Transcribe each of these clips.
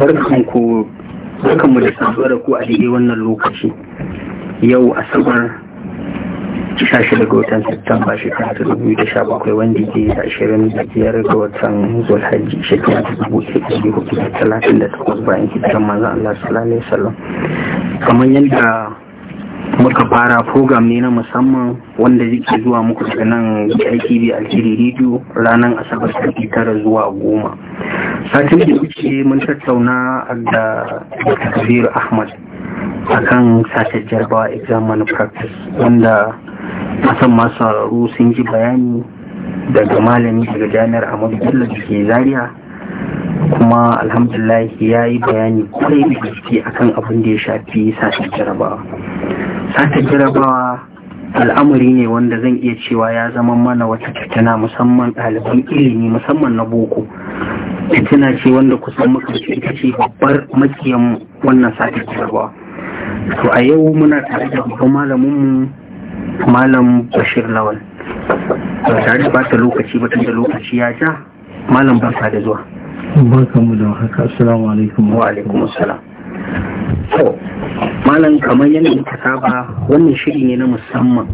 barkanmu da saduwa da ku a daidai wannan lokaci yau asabar 16 ga watan Satumba shekara ta 2017 wanda ke da 25 ga watan zulhaji shekara ta 1438 bayan hijiran manzon Allah sallallahu alaihi wasallam kamar yadda muka fara program ne na musamman wanda zai zuwa muku daga nan aiki bi alheri rediyo ranar asabar sati tara zuwa goma satin da kuke mun tattauna da kabiru ahmad akan satin jarabawa exam Practice, wanda asan masu sauraro sun ji bayani daga malami daga jami'ar amadu bello da ke zaria kuma alhamdulahi ya yi bayani kwarai da gaske akan abin da ya shafi sace jarabawa sata jarabawa al'amuri ne wanda zan iya cewa ya zama mana wata fitina musamman ɗaliban ilimi musamman na boko fitina ce wanda kusan makarci ita ce babbar makiyan wannan sata jarabawa to a yau muna tare da babban malaminmu malam bashir lawal ba tare da bata lokaci ba da lokaci ya ja malam barka da zuwa barkanmu da haka assalamu alaikum wa alaikum assalam to malam kamar yadda ta saba wannan shiri ne na musamman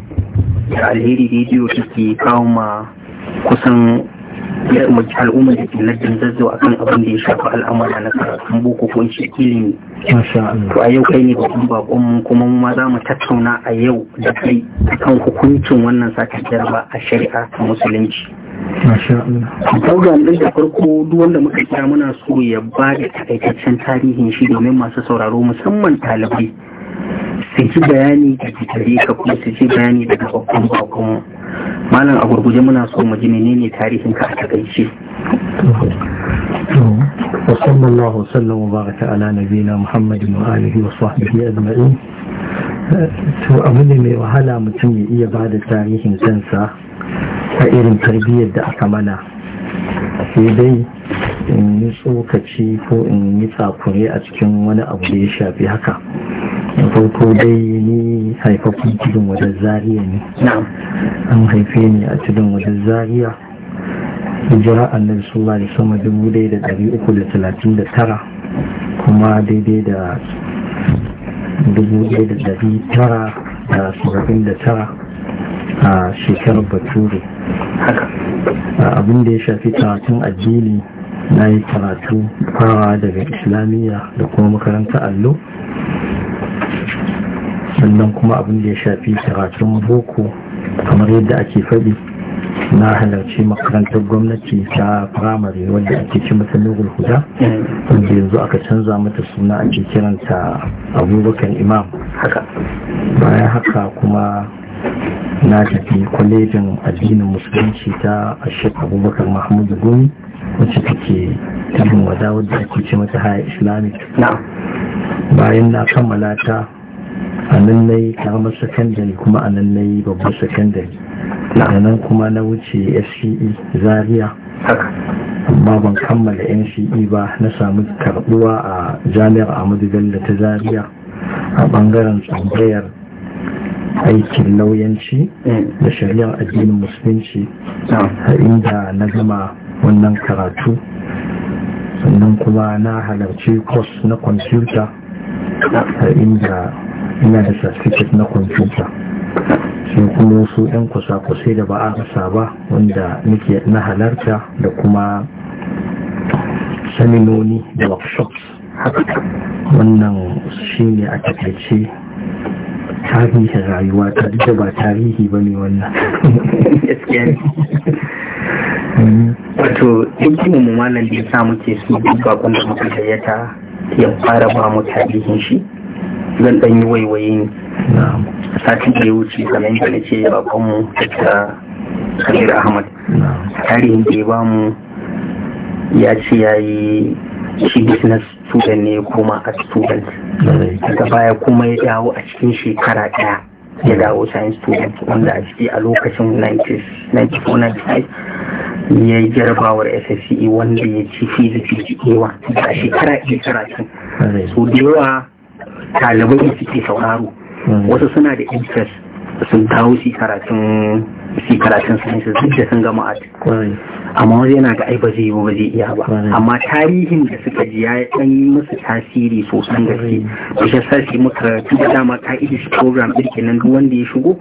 da alheri rediyo ke kawo ma kusan al'ummar da ke lardin zazzau a kan abin da ya shafi al'amura na karatun boko ko shi ilimi to a yau kai ne babban bakon kuma mu ma za mu tattauna a yau da kai kan hukuncin wannan sake jarba a shari'a ta musulunci Program ɗin da farko duk wanda muka kira muna so ya ba da takaitaccen tarihin shi domin masu sauraro musamman talibai su ji bayani da jikare ka kuma su ji bayani da babban bakon malam a gurguje muna so mu ji menene tarihin ka a takaice. وصلى الله وسلم وبارك على نبينا محمد وآله وصحبه أجمعين to abu ne mai wahala mutum ya iya ba da tarihin kansa a irin tarbiyyar da aka mana sai dai in yi tsokaci ko in yi tsakure a cikin wani abu da ya shafi haka da farko dai ni haifafin tudun wajen zariya ne an haife ni a tudun wajen zariya hijira annabi sallallahu alaihi sama dubu ɗaya da dari uku da talatin da tara kuma daidai da dubu ɗaya da dari tara da saba'in da tara a shekarar bature abinda ya shafi karatun addini na yi karatu fara daga islamiyya da kuma makaranta allo sannan kuma abin da ya shafi karatun boko kamar yadda ake faɗi na halarci makarantar gwamnati ta firamare wadda ake ci mata nurul huda wanda yanzu aka canza mata suna ake kiranta abubakar imam haka bayan haka kuma na tafi kwalejin addinin musulunci ta ashek abubakar mahmudu gumi wacce take tabin wada wadda ake ce mata haya islamic bayan na kammala ta a nan na karamar sakandare kuma a nan na yi babbar sakandare da nan kuma na wuce fce zaria amma ban kammala nce ba na sami karbuwa a jami'ar amadu bello ta zaria a bangaren tsambayar aikin lauyanci mm. da shari'ar addinin musulunci a inda na gama wannan karatu sannan kuma na halarci kos na kwamfuta a inda ina da certificate na kwamfuta sai kuma wasu 'yan kusa-kusai da ba a rasa ba wanda nake na halarta da kuma saminoni da workshops wannan shi ne a takaice tarihin rayuwa ta duka ba tarihi ba ne wannan mm. wato duk mu malam da ya samu muke su duk bakon da muka gayyata ya fara ba mu tarihin shi zan ɗan yi waiwayi ne satin da ya wuce kamar da nake bakon mu da Kabir Ahmad tarihin da ya ba mu ya ce ya yi shi business student ne kuma a student daga baya kuma ya dawo a cikin shekara ɗaya ya dawo science student wanda a ciki a lokacin 1995 ya yi jarabawar SSCE wanda ya ci physics A1 a shekara ɗaya karatun so da yawa ɗalibai suke sauraro hmm. wasu suna da interest sun dawo shi karatun su karatun sciences duk da sun gama a amma wani yana ga aibaje ba zai yi ba iya ba amma tarihin da suka ji ya dan yi musu tasiri sosan gaske da shi sashi muka tun da dama shi program ɗin nan duk wanda ya shigo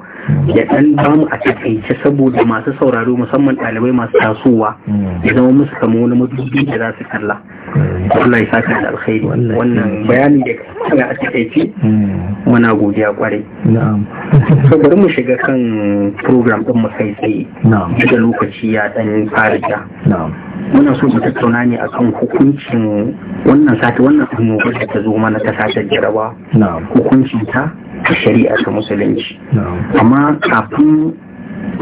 da dan bamu a takaice saboda masu sauraro musamman ɗalibai masu tasowa mm. ya zama musu kama wani madubi da za su kalla Allah ya saka da alkhairi wannan bayanin da kuma a mm. muna godiya kwarai na'am bari mu shiga kan program din kuma kai tsaye daga lokaci ya dan farja muna so mu tattauna ne akan hukuncin wannan sati wannan annobar da ta zo mana ta satar jarawa. hukuncin ta a shari'a ta musulunci amma kafin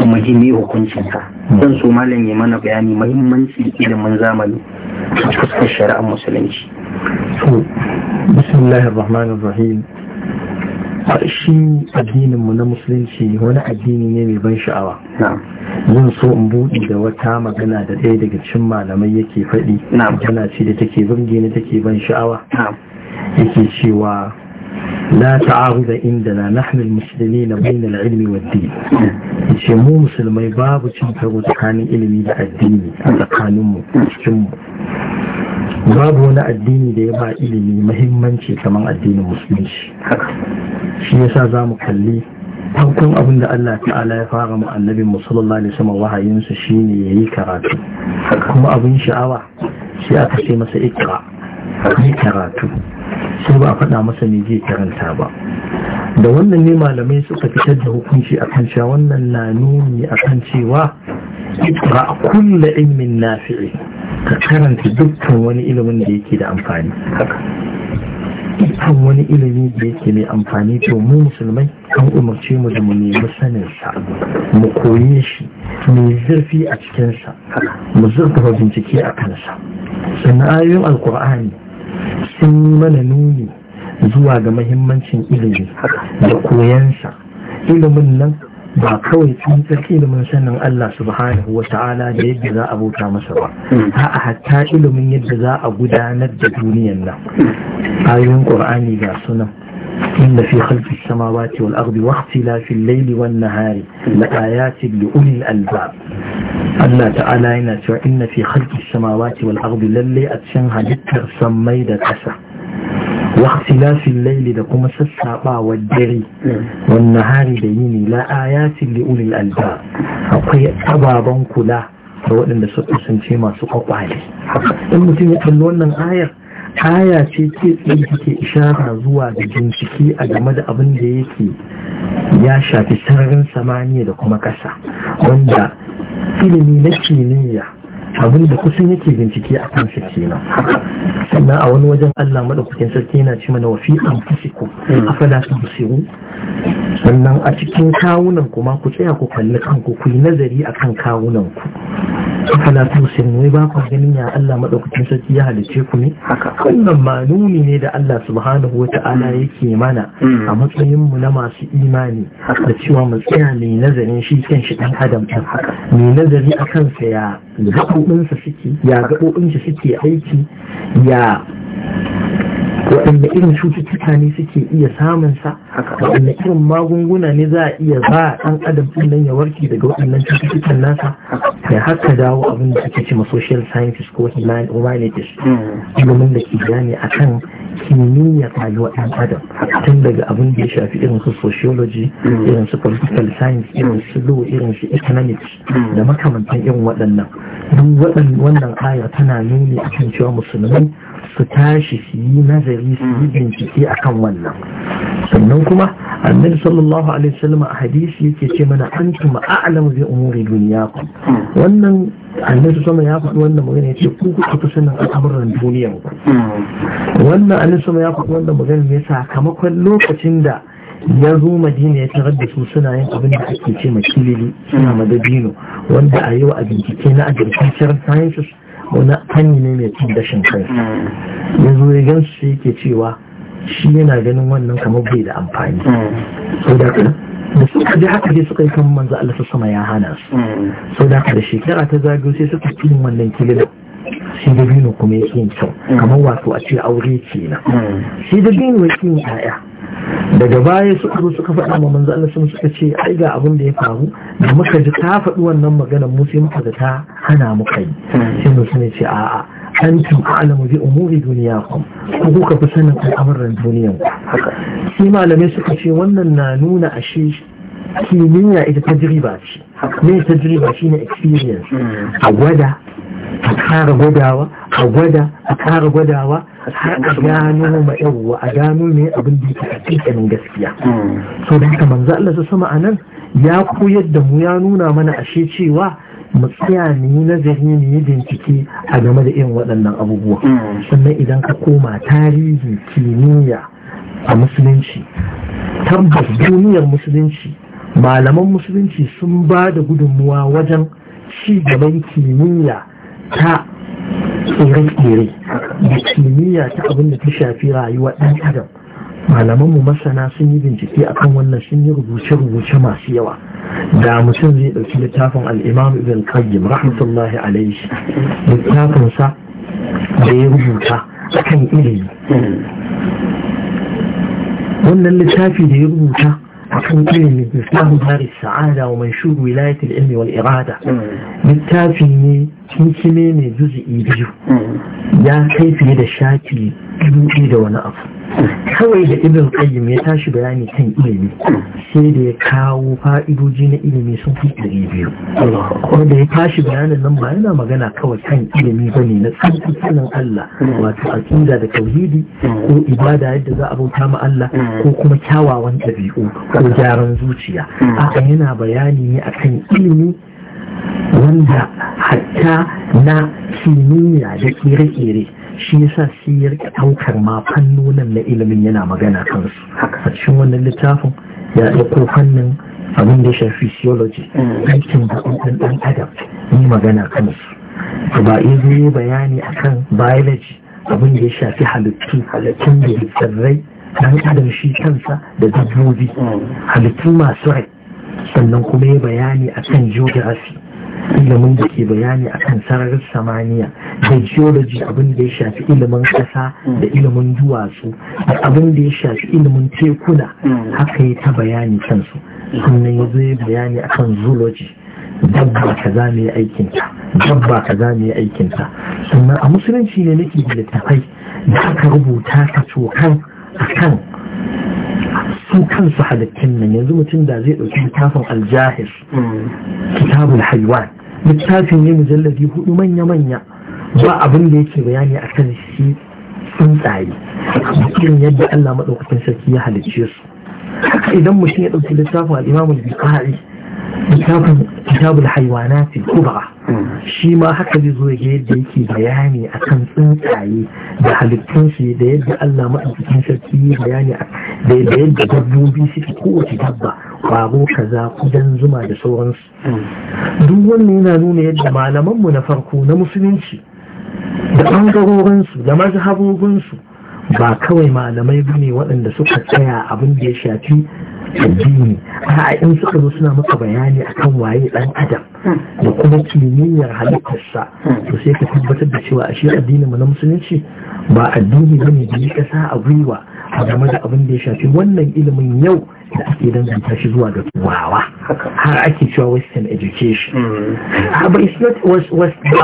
mu ji me hukuncin ta zan so malam ya mana bayani mahimmanci ilimin zamani a fuskar shari'ar musulunci بسم shi addininmu na musulunci wani addini ne mai ban sha'awa zan so in buɗe da wata magana da ɗaya daga cikin malamai yake faɗi magana ce da take burge ni take ban sha'awa yake cewa inda na تعارض Musulmi na المسلمين ilmi العلم والدين ce mu musulmai babu cin karo tsakanin ilimi da addini a tsakaninmu cikinmu babu wani addini da ya ba ilimi mahimmanci kamar addinin musulunci shi yasa za mu kalli farkon abin da Allah ta'ala ya fara mu annabin mu sama alaihi wahayinsa shine yayi karatu kuma abin sha'awa shi aka ce masa ikra yi karatu sai ba a faɗa masa ne zai karanta ba da wannan ne malamai suka fitar da hukunci akan cewa wannan na nuni akan cewa ikra kulla ilmin nafi'i ka karanta dukkan wani ilimin da yake da amfani dukkan wani ilimi da yake mai amfani to mu musulmai an umarci mu da mu nemi saninsa mu koye shi mai zurfi a cikinsa mu zurfafa bincike a kansa sannan ayoyin alkur'ani sun yi mana nuni zuwa ga mahimmancin ilimi da koyansa ilimin nan ba kawai tun tsaki da sanin Allah subhanahu wa ta'ala da yadda za a bauta masa ba hmm. 'a hatta ilimin yadda za a gudanar da duniyan nan ayoyin qur'ani ga sunan إن في خلق السماوات والأرض واختلاف الليل والنهار لآيات لأولي الألباب Allah ta'ala yana cewa inna fi khalqis samawati wal ardi lalle a cikin halittar sammai da ƙasa واختلاف الليل da kuma sassabawa dare wanne hari da yini la ayatin li ulil alba akwai ababen kula da waɗanda su kusance masu kwakwale in mutum ya kalli wannan ayar aya ce ke tsaye ke isharar zuwa da bincike a game da abin da yake ya shafi sararin samaniya da kuma ƙasa wanda ilimi na kimiyya abin da kusan yake bincike a kan shi kenan sannan a wani wajen Allah madaukakin sarki yana ci mana wafi an fusiku afala tubsiru sannan a cikin kawunan ku ma ku tsaya ku kalli kanku ku yi nazari akan kawunan ku afala tusin wai ba ku ganin ya Allah madaukakin sarki ya halice ku ne wannan ma nuni ne da Allah subhanahu wata'ala mm. yake mana mm. a matsayin mu na masu imani da cewa mu tsaya mai nazarin shi kan shi dan adam din mai nazari a kansa ya gaɓoɓinsa suke ya gaɓoɓin shi suke aiki ya waɗanda irin cututtuka ne suke iya samun sa waɗanda irin magunguna ne za a iya ba ɗan adam ɗin nan ya warke daga waɗannan cututtukan nasa ya haka dawo abin da suke cewa social sciences ko humanities hmm. ilimin da ke gane a kan kimiyyar rayuwar ɗan adam tun daga abin da ya shafi irin su sociology hmm. irin su political science irin hmm. su law irin su economics da makamantan irin waɗannan duk wannan ayar tana nuni akan cewa musulmai su tashi su yi nazari su yi hmm. bincike a kan wannan sannan kuma annabi sallallahu alaihi wasallam a hadisi yake ce mana an antum a'lamu bi umuri dunyakum hmm. wannan annabi sama ya faɗi wannan magana yace ku kuka fi sanin al'amuran duniyar ku hmm. wannan annabi sama ya faɗi wannan magana ne sakamakon lokacin da ya zo madina ya tarar da su suna yin abin da ake ce makilili suna madabino wanda a yau a bincike na agricultural sciences wani fanni ne mai cin gashin kai. yanzu ya gan su yake cewa shi yana ganin wannan kamar bai da amfani da suka ji haka dai suka yi kan manzo Allah sama ya hana su sau da da shekara ta zagayo sai suka fi wannan kilina shi da bino kuma ya yin kyau kamar wato a ce aure kenan shi da bino ya yin 'ya'ya daga baya su zo suka faɗa ma manzo Allah sun suka ce ai ga abin da ya faru da muka ji ta faɗi wannan magana mu sai muka ta hana mu kai sai mu sun ce a'a antum a'lamu bi umuri dunyakum ku kuka fi sanin al'amuran duniyan haka shi malamai suka ce wannan na nuna ashe kimiyya ita tajriba ce me tajriba shine experience a gwada a kara gwadawa a gwada a kara gwadawa har a gano ma a gano ne abin da yake hakikanin gaskiya so da haka manzo Allah su sama anan ya koyar da mu ya nuna mana ashe cewa mu tsaya na zari nazari mu yi bincike a game da irin waɗannan abubuwa hmm. sannan idan ka koma tarihi kimiyya a musulunci tabbas duniyar musulunci malaman musulunci sun ba da gudunmuwa wajen ci gaban kimiyya ta tsere-tsere da kimiyya ta abin da ta shafi rayuwa ɗan adam malaman mu masana sun yi bincike akan wannan sun yi rubuce-rubuce masu yawa da mutum zai ɗauki littafin al'imam ibn qayyim rahmatullahi alaihi littafinsa da ya rubuta akan ilimi wannan littafi da ya rubuta أخوين مفتاح دار السعادة ومنشور ولاية العلم والإرادة من من كنكميني جزئي بيو يا كيف يدى الشاكي جزئي دون أفضل kawai da ibin kayyum ya tashi bayani kan ilimi sai da ya kawo fa'idoji na ilimi sun fi ɗari biyu wanda ya tashi bayanin nan ba yana magana kawai kan ilimi ba ne na tsantsantsanin Allah wato aqida da tauhidi ko ibada yadda za a bauta ma Allah ko kuma kyawawan ɗabi'u ko gyaran zuciya a'a yana bayani ne akan ilimi wanda hatta na kimiyya da kere-kere shi yasa sai ya rika daukar ma fannonin na ilimin yana magana kansu a cikin wannan littafin ya ɗauko fannin abin da ya shafi physiology mm. aikin da ɗan ɗan adam ni magana kansu ba izo ya bayani akan biology abin da ya shafi halittu halittun da tsirrai dan adam shi kansa da dabbobi mm. halittu masu rai sannan kuma ya bayani akan geography ilimin da ke bayani a kan sararin samaniya da geology abin da ya shafi ilimin ƙasa da ilimin duwatsu da abin da ya shafi ilimin tekuna haka yi ta bayani kansu sannan ya zo bayani a kan zoology dabba ka za mu yi aikinta dabba ka za mu yi aikinta sannan a musulunci ne nake da littafai da aka rubuta ka a kan. su kansu halittun nan yanzu mutum da zai ɗauki littafin aljahir kitabul haiwan littafin ne mujallabi hudu manya-manya ba abin da yake bayani a kan shi tsuntsaye irin yadda Allah maɗaukakin sarki ya halicce su haka idan mutum ya ɗauki littafin al'imamul bukari littafin kitabul haiwanati kubra shi ma haka zai zo ga yadda yake bayani a kan tsuntsaye da halittun shi da yadda Allah madaukakin sarki bayani da yadda dabbobi suke kowace dabba kwaro kaza kudan zuma da sauransu duk wannan yana nuna yadda malamanmu na farko na musulunci da ɓangarorinsu da mazhabobinsu ba kawai malamai ba ne waɗanda suka tsaya abin da ya shafi addini a in suka zo suna maka bayani akan waye ɗan adam da kuma kimiyyar halittarsa to sai ka tabbatar da cewa shi addinin mu na musulunci ba addini ba ne da ya kasa a gwiwa a game da abin da ya shafi wannan ilimin yau da ake danganta shi zuwa ga turawa har ake cewa western education mm. ba is not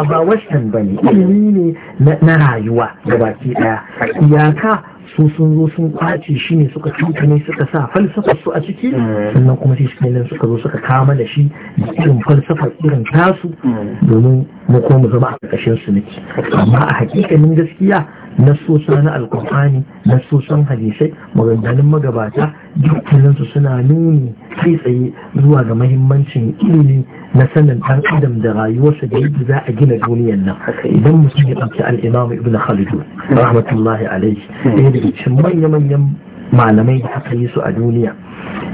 ba western ba ne ilimi ne na rayuwa ga baki daya iyaka su sun zo sun kwace shi ne suka cuta ne suka sa falsafar su a ciki mm. sannan kuma sai suka suka zo suka kama da shi da irin falsafar irin tasu mm. domin mu zama a ƙarƙashin su amma a hakikanin gaskiya nasosa na alkur'ani nasosan hadisai maganganun magabata dukkaninsu suna nuni kai tsaye zuwa ga mahimmancin ilimi na sanin ɗan adam da rayuwarsa da yadda za a gina duniyar nan idan mutum ya ɗauki al'imam ibn khalidu rahmatullahi alaihi ɗaya daga cikin manya-manyan malamai da aka yi su a duniya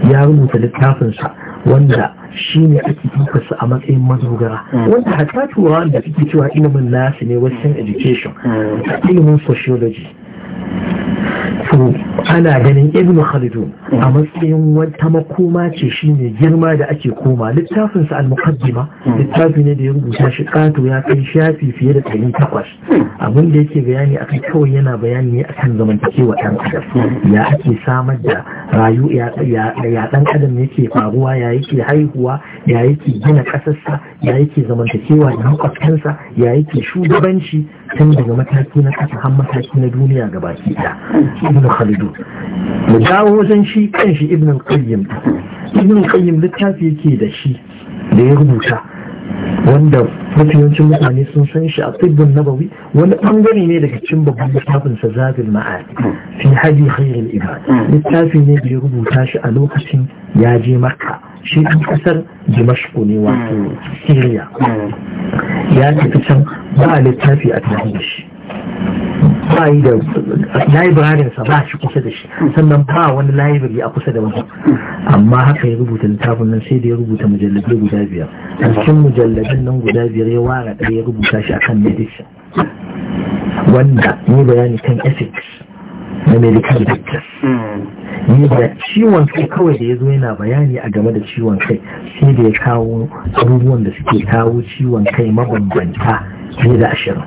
ya rubuta littafinsa wanda shi ne ake su a matsayin madogara hmm. wanda haka turawa da suke cewa ilimin nasu ne western education hmm. ilimin sociology to ana ganin ibn khaldun a matsayin wata makoma ce shine girma da ake koma littafin sa al-muqaddima littafi ne da ya rubuta shi kato ya kai shafi fiye da 800 abin da yake bayani akan kawai yana bayani ne akan zamantakewa dan adam ya ake samar da rayu ya dan adam yake faruwa ya yake haihuwa ya yake gina kasarsa ya yake zamantakewa da makwabtansa ya yake shugabanci tun daga mataki na kasa har mataki na duniya gabaki ɗaya ibn khaldun mu dawo wajen shi kanshi ibn qayyim ibn qayyim littafi yake da shi da ya rubuta wanda mafiyancin mutane sun san shi a tibbin nabawi wani bangare ne daga cikin babban littafin sa zabil ma'ad fi hadi khairul ibad littafi ne da ya rubuta shi a lokacin ya je makka shi an kasar dimashku ne wato syria ya tafi can ba littafi a tarihi shi ba yi da sa ba shi kusa da shi sannan ba wani library a kusa da wani amma haka ya rubuta littafin nan sai da ya rubuta mujallabi guda biyar a cikin mujallabin nan guda biyar ya ware ɗaya ya rubuta shi akan medicine wanda ni bayani kan ethics na medical doctors hmm. ni da ciwon kai kawai da ya zo yana bayani a game da ciwon kai sai da ya kawo abubuwan da suke kawo ciwon kai mabambanta fiye da ashirin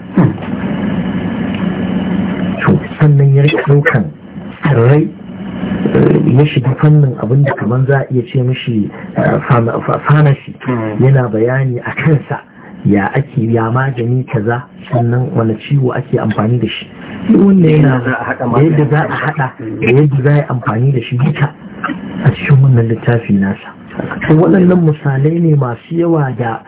sannan ya rika daukan tsirrai eh, ya shiga fannin abin da kamar za a iya ce eh, mashi fanashi hmm. yana bayani a kansa ya ake ya magani kaza sannan wani ciwo ake amfani da shi wanda yana yadda za a hada da yadda za a amfani da shi duka a cikin wannan littafi nasa waɗannan misalai ne masu yawa da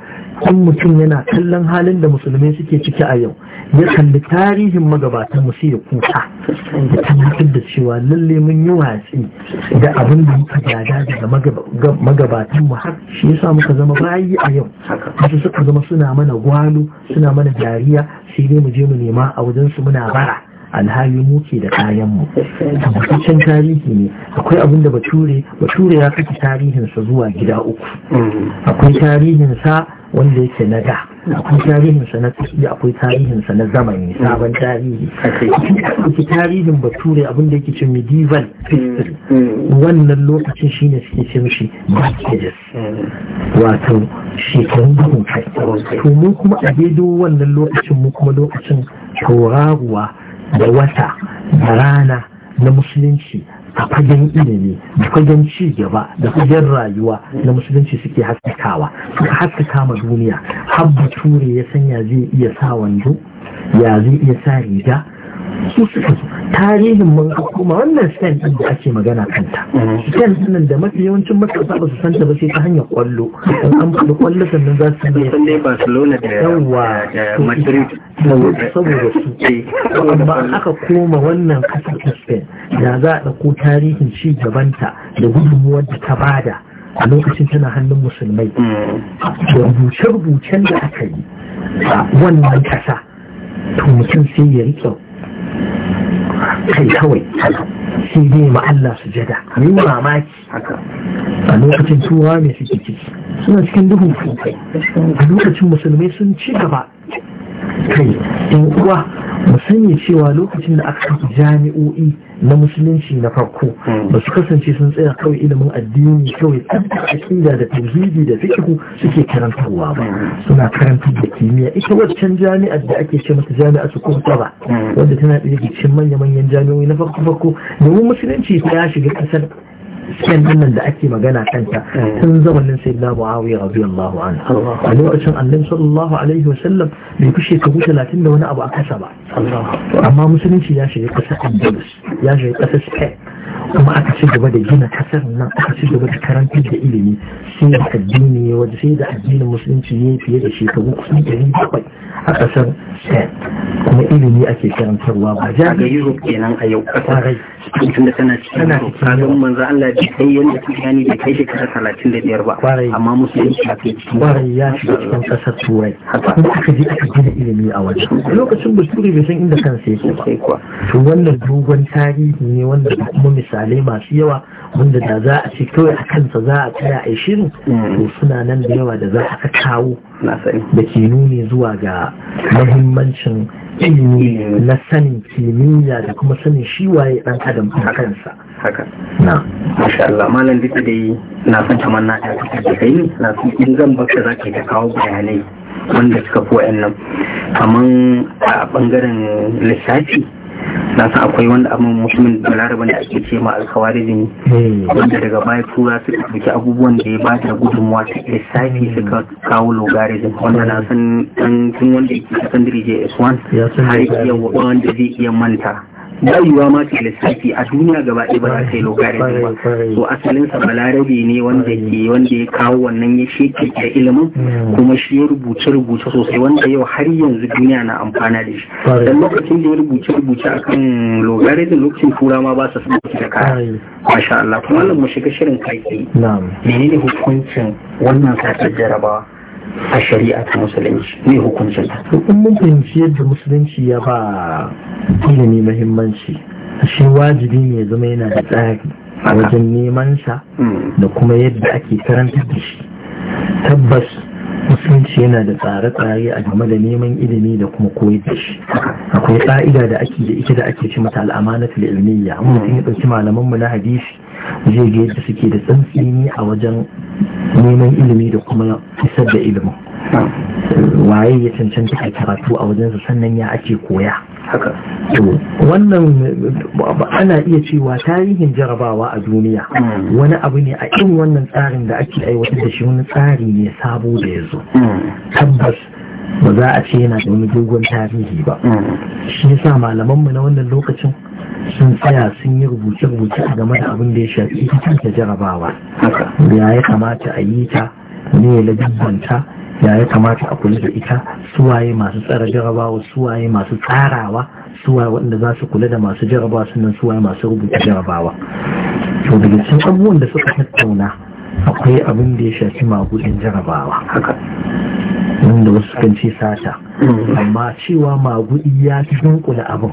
kun mutum yana kallon halin da musulmai suke ciki a yau ya kalli tarihin magabatan mu sai ya kuka ya tabbatar da cewa lalle mun yi watsi da abin da muka gada daga magabatan mu har shi yasa muka zama bayi a yau wasu suka zama suna mana gwalo suna mana dariya sai dai mu je mu nema a wajen su muna bara alhali muke da kayanmu tabbataccen tarihi ne akwai abin da bature bature ya saki tarihinsa zuwa gida uku akwai tarihinsa wanda yake na da akwai tarihinsa na tafiya akwai tarihinsa na zamani sabon tarihi akwai tarihin bature abin da yake cin medieval history wannan lokacin shine suke ce mishi dark wato shekarun bugun kai to mu kuma a daidai wannan lokacin mu kuma lokacin tauraruwa da wata da rana na musulunci a fagen ilimi da fagen ci gaba da fagen rayuwa na musulunci suke haskakawa suka haskaka ma duniya habba ture ya sanya zai iya sa wando ya zai iya sa riga su suka tarihin mun kuma wannan stand din da ake magana kanta mm-hmm. stand din da mafi yawancin matasa ba su santa ba sai ta hanyar kwallo an faɗi kwallo sannan za su yi sannan Barcelona da yawa Madrid saboda su eh, amma aka koma wannan kasar Spain da za a ɗauko tarihin ci gabanta da gudunmuwar da ta bada a lokacin tana hannun musulmai mm-hmm. da rubuce-rubucen da aka yi a wannan kasa to mutum sai ya rike kai kawai sai dai ma Allah su jada mai mamaki a lokacin tuwa mai suke ciki suna cikin duhun kai a lokacin musulmai sun ci gaba kai in uwa mu sani cewa lokacin da aka kafa jami'o'i na musulunci na farko hmm. ba su kasance sun tsaya kawai ilimin addini kawai aƙida da tauhidi da fikihu suke karantarwa ba hmm. suna karantar da kimiyya ita waccan jami'ar da ake ce mata jami'a su ba hmm. wadda tana ɗaya cikin manya-manyan jami'o'i na farko farko domin musulunci ta shiga ƙasar shan nan da ake magana kanta eh. sun zamanin sai na muawiya radiyallahu anhu a lokacin annabi sallallahu alaihi sallam. bai fi shekaru talatin da wani abu a kasa ba amma musulunci ya shiga kasar andalus ya shiga kasar spain kuma aka ci gaba da gina kasar nan aka ci gaba da karantar da ilimi sai da addini ya wajen sai da addinin musulunci ne fiye da shekaru kusan ɗari bakwai a kasar spain kuma ilimi ake karantarwa ba ja ga europe kenan a yau kasar tunda tana cikin sabon manzo Allah da kai yanda kiyani da kai shekara talatin da biyar ba amma musulunci a cikin kwarai ya shiga cikin kasar turai kuma aka je aka gina ilimi a wajen lokacin bature bai san inda kansa yake ba to wannan dogon tarihi ne wanda kuma misalai masu yawa wanda da za a ce kawai a kansa za a tsaya a shirin mm. to suna nan da yawa da za a kawo da ke nuni zuwa ga mahimmancin ilimi na sanin kimiyya da kuma sanin shi waye dan adam a kansa haka na masha Allah malam duka da yi na san kamar na ta fitar da kai ne na san in zan baka za ka kawo bayanai wanda suka fi wa'annan kamar a ɓangaren lissafi na san akwai wanda abin musulmin balaraban da ake ce ma alkawarizm hmm. wanda daga baya tura suka ɗauki abubuwan da ya ba da gudunmuwa ta lissafi suka kawo logarithm wanda na san tun wanda ya ke secondary js1 har iya wanda zai iya manta bayuwa ma ke lissafi a duniya gaba ɗaya ba za ta yi logarithm ba so asalin sa balarabe ne wanda ke wanda ya kawo wannan ya sheke da ilimin hmm. kuma shi ya rubuce rubuce sosai wanda yau har yanzu duniya na amfana da shi dan lokacin da ya rubuce rubuce akan logarithm lokacin tura ma ba sa san da kaya masha Allah kuma mu shiga shirin kai na'am menene hukuncin wannan sakar jarabawa a shari'a ta musulunci ne hukuncin ta in mun fahimci yadda musulunci ya ba ilimi muhimmanci shi wajibi ne zama yana da tsari a wajen neman sa hmm. da kuma yadda ake karanta da shi tabbas musulunci yana da tsare-tsare a game da neman ilimi da kuma koyar da shi akwai ƙa'ida da ake da ita da ake ce mata al'amanatul ilmiya mutum ya ɗauki malaman mu na hadisi zai ga yadda suke da tsantsini a wajen neman ilimi da kuma isar da ilimin waye ya cancanta a karatu a wajen su sannan ya ake koya wannan ana iya cewa tarihin jarabawa a duniya wani abu ne a irin wannan tsarin da ake aiwatar da shi wani tsari ne sabo da ya zo tabbas ba za a ce yana da wani dogon tarihi ba mm. shi yasa malamanmu na wannan lokacin sun tsaya sun yi rubuce-rubuce a game da abin da ya shafi ita ta jarabawa ya ya kamata a yi ta ne ya lagabanta ya ya kamata a kula da ita suwaye masu tsara jarabawa suwaye masu tsarawa suwaye waɗanda za su kula da masu jarabawa sannan suwaye masu rubuta jarabawa to daga cikin abubuwan da suka tattauna akwai abin da ya shafi magudin jarabawa wanda wasu kan ce sata amma cewa magudi ya fi dunkula abin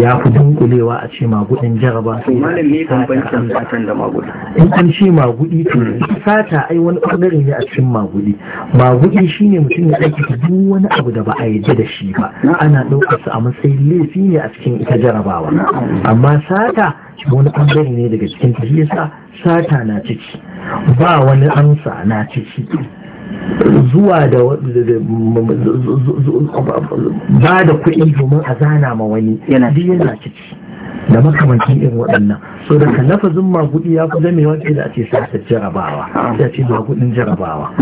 ya fi dunkulewa a ce magudin jaraba malam ne bambancin batan da magudi in an ce magudi to hmm. sata ai wani bangare ne a cikin magudi magudi shine mutum ya aiki duk wani abu da ba a yi da shi ba ana ɗaukar su a matsayin laifi ne a cikin ita jarabawa amma sata wani bangare ne daga cikin ta yasa sata na ciki ba wani amsa na ciki zuwa da ba da kuɗi domin a zana ma wani yana yana ciki da makamantan irin waɗannan so da ka lafazin magudi ya fi zame da ake sa jarabawa ya ce magudin jarabawa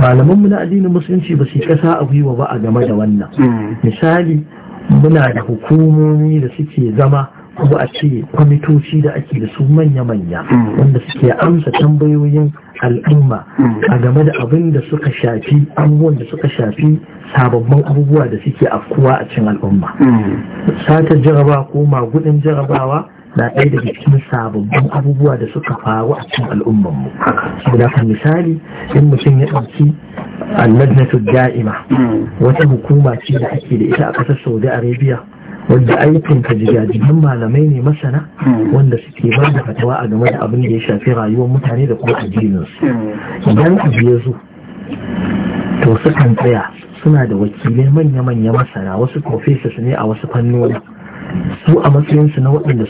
malaman mu na addinin musulunci ba su kasa a gwiwa ba a game da wannan hmm. misali muna da hukumomi da suke zama ko a ce kwamitoci da ake da su manya-manya hmm. wanda suke amsa tambayoyin al'umma hmm. a game da abin da suka shafi abubuwan da suka shafi sababbin abubuwa da suke afkuwa a cikin al'umma hmm. satar jaraba ko magudin jarabawa na ɗaya daga cikin sababbin abubuwa da suka faru a cikin al'ummanmu guda kan misali in mutum ya ɗauki annadnatu da'ima hmm. wata hukuma ce da ake da ita a ƙasar saudi arabia wanda aikin ka jigajigan malamai ne masana wanda suke ba da fatawa a game da abin da ya shafi rayuwar mutane da kuma addininsu idan abu ya zo to sukan tsaya suna da wakilai manya-manya masana wasu professors ne a wasu fannoni su a matsayinsu na waɗanda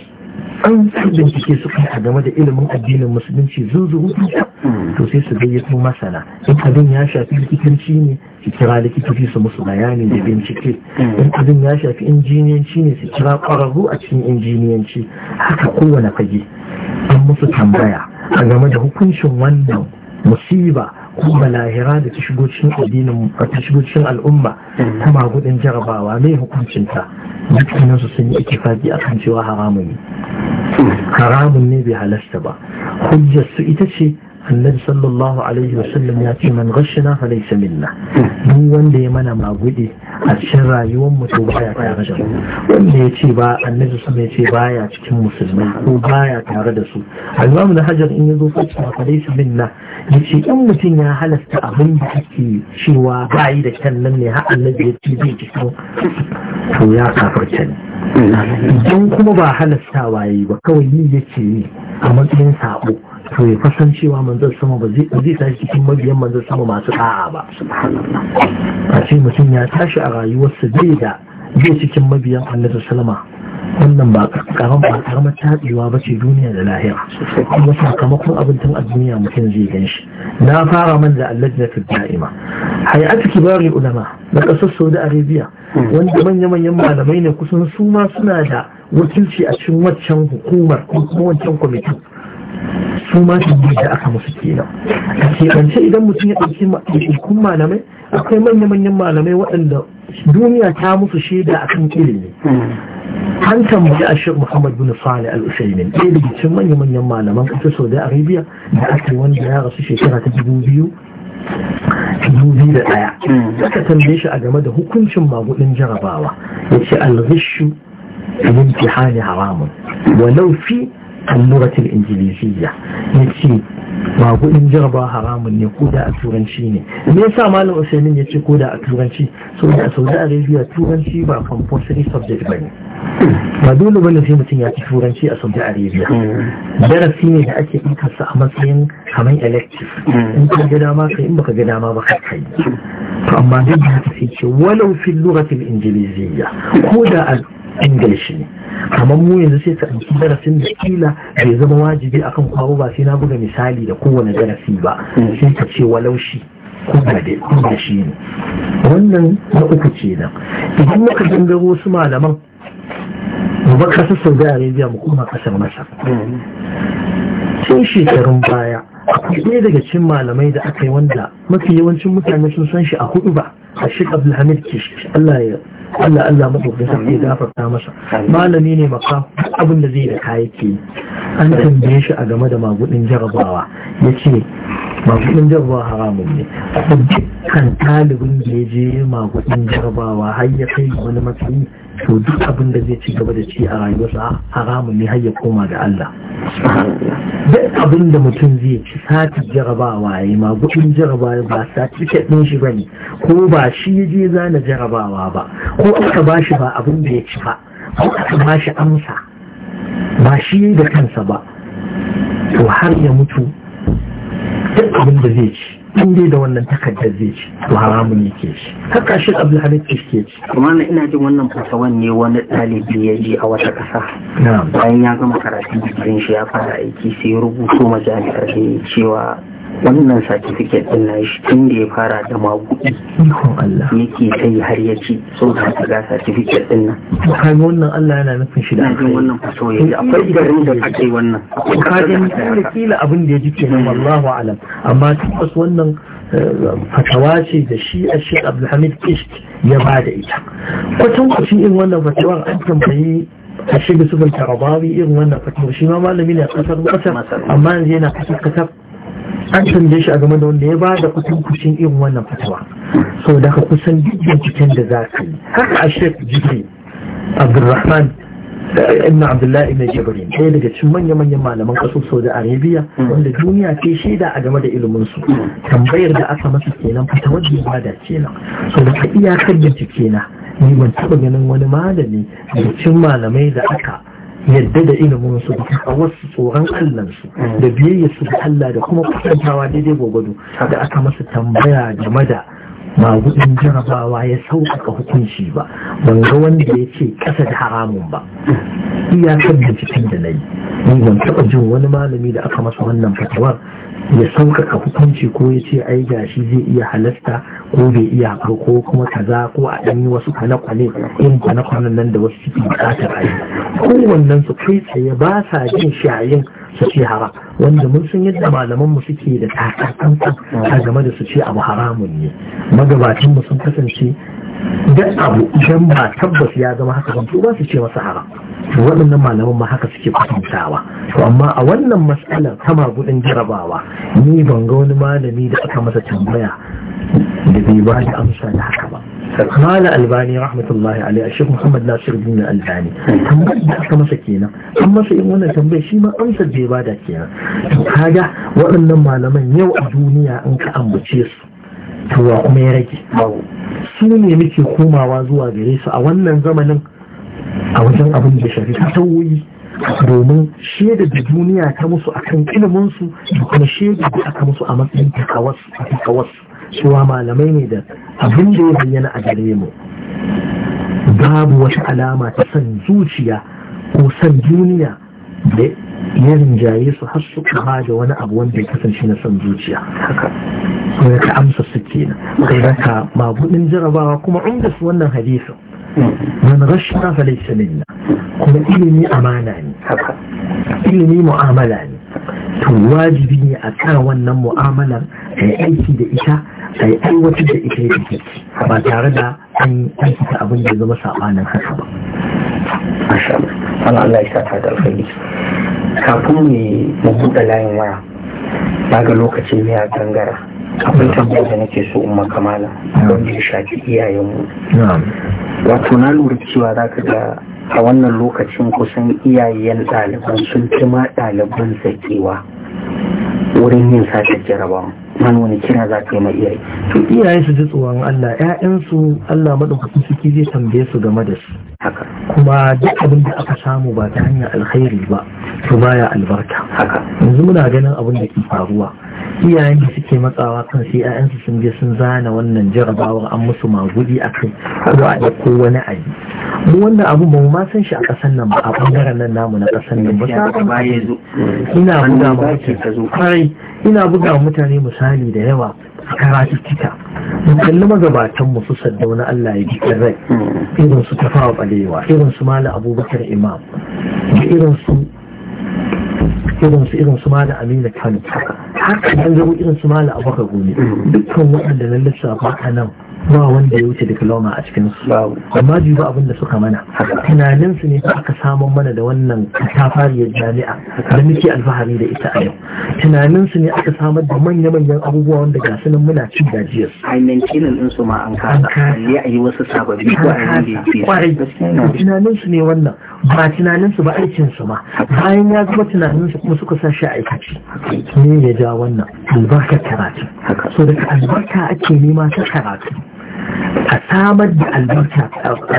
tsantsar bincike suka yi a game da ilimin addinin musulunci zuzuru to sai su gayyato masana in abin ya shafi likitanci ne su kira likitoci su musu bayani da bincike in abin ya shafi injiniyanci ne su kira kwararru a cikin injiniyanci haka kowane fage an musu tambaya a game da hukuncin wannan musiba Kuma balahira da ta shigo cikin addinin ta al'umma kuma gudun jarabawa mai hukuncinta dukkanin su sun yi a kan cewa haramun ne haramun ne bai halasta ba hujjar su ita ce annabi sallallahu alaihi wasallam ya ce man gashina fa minna duk wanda ya mana magudi a cikin rayuwar mu to baya tare da mu wanda ya ce ba annabi sallallahu ya ce baya cikin musulmai ko baya tare da su al-imam da hajar in yazo fata fa laysa minna yace in mutum ya halasta abin da ake cewa bayi da kan nan ne har annabi ya ce bai cikin to ya kafirce ne idan kuma ba halasta yi ba kawai ni yake yi a matsayin sabo to ya fasan cewa manzon sama ba zai tashi cikin mabiyan manzon sama masu da'a ba a ce mutum ya tashi a rayuwarsa zai da zai cikin mabiyan annabi salama wannan ba karan ba karamar tatsewa ba ce duniya da lahira kuma sakamakon abincin a duniya mutum zai gan shi na fara man da allah na Ima. hayatu kibarin ulama na ƙasar saudi arabia wanda manya-manyan malamai ne kusan su ma suna da wakilci a cikin waccan hukumar ko kuma wancan kwamitin su ma biyu da aka musu kenan a keɓance idan mutum ya ɗauki ɗaiɗaikun malamai akwai manya-manyan malamai waɗanda duniya ta musu shaida akan ilimi an tambayi a shirin muhammad bin salih al-usaimin ɗaya da cikin manya-manyan malaman ƙasar saudi arabia da ake wanda ya rasu shekara ta dubu biyu dubu da ɗaya aka tambaye shi a game da hukuncin magudin jarabawa ya ce al-rishu min tihani haramun walau fi اللغة الإنجليزية يكي ba kuɗin jarba haramun ne ko da a turanci ne me yasa malam usaimin ya ce ko da a turanci saboda a saudi arabia turanci ba compulsory subject ba ne ba dole bane sai mutum ya ci turanci a saudi arabia darasi ne da ake ɗaukarsa a matsayin kamar elective in ka ga dama kai in baka ga dama ba ka kai to amma duk da haka sai ce walau fil lughatil injiliziyya ko da english ne amma mu yanzu sai ta ɗauki darasin da kila bai zama wajibi akan kwaro ba sai na buga misali da kowane darasi ba sai ka ce walau shi da shi ne wannan na uku ce nan idan muka dinga wasu malaman mu ba kasar saudi arabia mu kuma kasar masa sun shekarun baya akwai ɗaya daga cin malamai da aka yi wanda mafi yawancin mutane sun san shi a hudu ba a shi abdulhamid kish allah ya Allah Allah maɗaukakin sarki gafarta masa malami ne maka abin da zai da kayake an tambaye shi a game da magudin jarabawa ya ce magudin jarabawa haramun ne dukkan ɗalibin da ya je magudin jarabawa har ya kai wani matsayi to duk abin da zai ci gaba da ci a rayuwarsa haramun ne har ya koma da Allah duk abin da mutum zai ci sati jarabawa ya yi magudin jarabawa ba sati ɗin shi ne ko ba shi ya je zana jarabawa ba ko aka ba shi ba abin da ya ci ba ko aka ba shi amsa ba shi da kansa ba to har ya mutu duk abin da zai ci tun dai da wannan takardar zai ci to haramun yake shi haka shi abdulhamid ke ci kuma ina jin wannan fasawan ne wani ɗalibi ya ji a wata ƙasa bayan ya gama karatun jikin shi ya fara aiki sai rubuto majalisar cewa wannan certificate din na shi tun da ya fara da maguɗi yake ta yi har ya ci so da haka certificate din nan kai wannan Allah yana nufin shi da akai wannan faso ya akwai garin da ake wannan kajin da kila abin da ya ji kenan hmm. wallahu alam amma tabbas wannan eh, fatawa ce da shi a shi Abdulhamid Kish ya ba da ita kwatan kwacin irin wannan fatawar an tambayi a shi da sufin tarabawi irin wannan fatawar shi ma malami ne a kasar masar amma yanzu yana kasar kasar an tambaye shi a game da wanda ya ba da kusan kucin irin wannan fatawa sau da ka kusan duk cikin da za ka yi haka a shek jibi abdulrahman ibn abdullahi ibn jabari ɗaya daga cikin manya-manyan malaman sau saudi arabia wanda duniya ce shaida a game da ilimin su tambayar da aka masa kenan fata da ba da kenan so da ka iyakar bincike na ni ban taɓa ganin wani malami da cikin malamai da aka yadda da ilimin su a wasu tsoron Allah su mm. da biyayya su da Allah da kuma kusantawa daidai gwagwado da aka masa tambaya game da magudin jarabawa ya sauƙaƙa hukunci ba ban ga wanda ya ce ƙasa da haramun ba iyakar da cikin da na yi ni ban taɓa jin wani malami da aka masa wannan fatawar ya sauƙaƙa hukunci ko ya ce ai gashi zai iya halasta ko bai iya ko kuma kaza ko a ɗan yi wasu kwane-kwane in kwane nan da wasu cikin buƙatar a yi kowannen su kai tsaye ba sa jin shayin su ce haram wanda mun san yadda malaman mu suke da takatsantsan a game da su ce abu haramun ne magabatan mu sun kasance duk abu idan ba tabbas ya zama haka ban to ba su ce masa haram waɗannan malaman ma haka suke kusantawa to amma a wannan matsalar ta magudin jarabawa ni ban ga wani malami da aka masa tambaya da bai ba da amsa da haka ba mala albani rahmatullahi alaihi shi muhammad nasir bin albani tambayar da aka masa kenan an masa in wannan tambayar shi ma amsar bai ba da kenan to kaga waɗannan malaman yau a duniya in ka ambace su to wa kuma ya rage su ne muke komawa zuwa gare su a wannan zamanin a wajen abin da ta sauyi domin shaida da duniya ta musu a kan iliminsu da kuma shaida da aka musu a matsayin takawas cewa malamai ne da abin da ya bayyana a gare mu babu wata alama ta san zuciya ko san duniya da ya su har su kama da wani abu wanda ya kasance na son zuciya haka sai ka amsa su kenan sai raka mabudin jarabawa kuma inda su wannan hadisin man rashna fa laysa minna kuma ilimi amana ne ilimi mu'amala ne to wajibi ne a sa wannan mu'amalar a yi aiki da ita a yi aiwatar da ita da ke ba tare da an yi aiki ta abin da zama saɓanin haka ba. Masha Allah, Allah ya sa ta da alfahari. Kafin mu buɗe layin waya, ba ga lokacin ya gangara. Abin tambayar da nake so in makamala, wanda ya shafi iyayenmu. Wato na lura cewa za ka ga a wannan lokacin kusan iyayen ɗaliban sun fi ma ɗaliban zaƙewa. wurin yin sashen jarabawa man wani kira za ka yi ma iyaye to iyaye su ji tsoron Allah ƴaƴansu Allah madaukakin suke zai tambaye su game da su haka kuma duk abin da aka samu ba ta hanyar alkhairi ba to baya albarka haka yanzu muna ganin abin da ke faruwa iyayen da suke matsawa kan sai ‘ya'yansu sun je sun zana wannan jarabawar an musu magudi a kai ko a ɗauko wani abu mu wannan abu ba mu ma san shi a ƙasar nan ba a ɓangaren nan namu na ƙasar nan ba ina buga mutane ina buga mutane misali da yawa a karatuttuka mun kalli magabatan mu su saddauna Allah ya ji rai hmm. irin su tafawa balewa irin su mala abubakar imam irin su irin su irin su mala amina kano haka an zama irin su mala abu gobe dukkan waɗanda na lissafa a nan ba wanda ya wuce diploma a cikin su amma ji ba abin da suka mana tunanin su ne aka samun mana da wannan katafariyar jami'a da muke alfahari da ita a yau tunanin su ne aka samar da manya-manyan abubuwa wanda ga sunan muna cin gajiyar su ai maintaining din su ma an kasa ya yi wasu sababbi kwarai tunanin su ne wannan ba tunaninsu ba aikinsu ma bayan ya zuba tunaninsu kuma suka sa shi aikaci ne ya ja wannan albarkar karatu so daga albarka ake nema ta karatu a samar da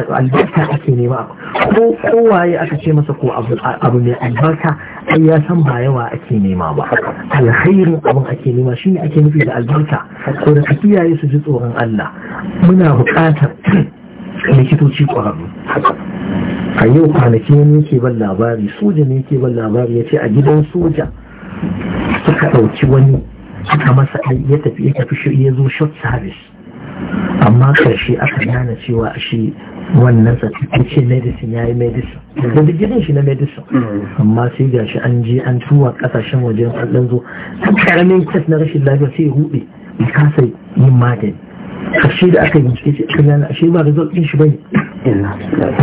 albarka ake nema ko kowaye aka ce masa ko abu mai albarka ai ya san ba yawa ake nema ba alkhairin abin ake nema shi ne ake nufi da albarka so da kiyaye su ji tsoron Allah muna buƙatar likitoci ƙwararru a yau kwanaki wani yake ban labari soja ne yake ban labari ya ce a gidan soja suka ɗauki wani suka masa ya tafi ya tafi shi ya zo short service amma karshe aka gane cewa a shi wannan ce medicine ya yi medicine da gidan shi na medicine mm. amma sai ga shi an je an tuwa kasashen wajen an zo ɗan karamin kes na rashin lafiya sai ya hude ya kasa yin magani Karshe da aka bincike shi aka gane shi ba result ɗin shi bane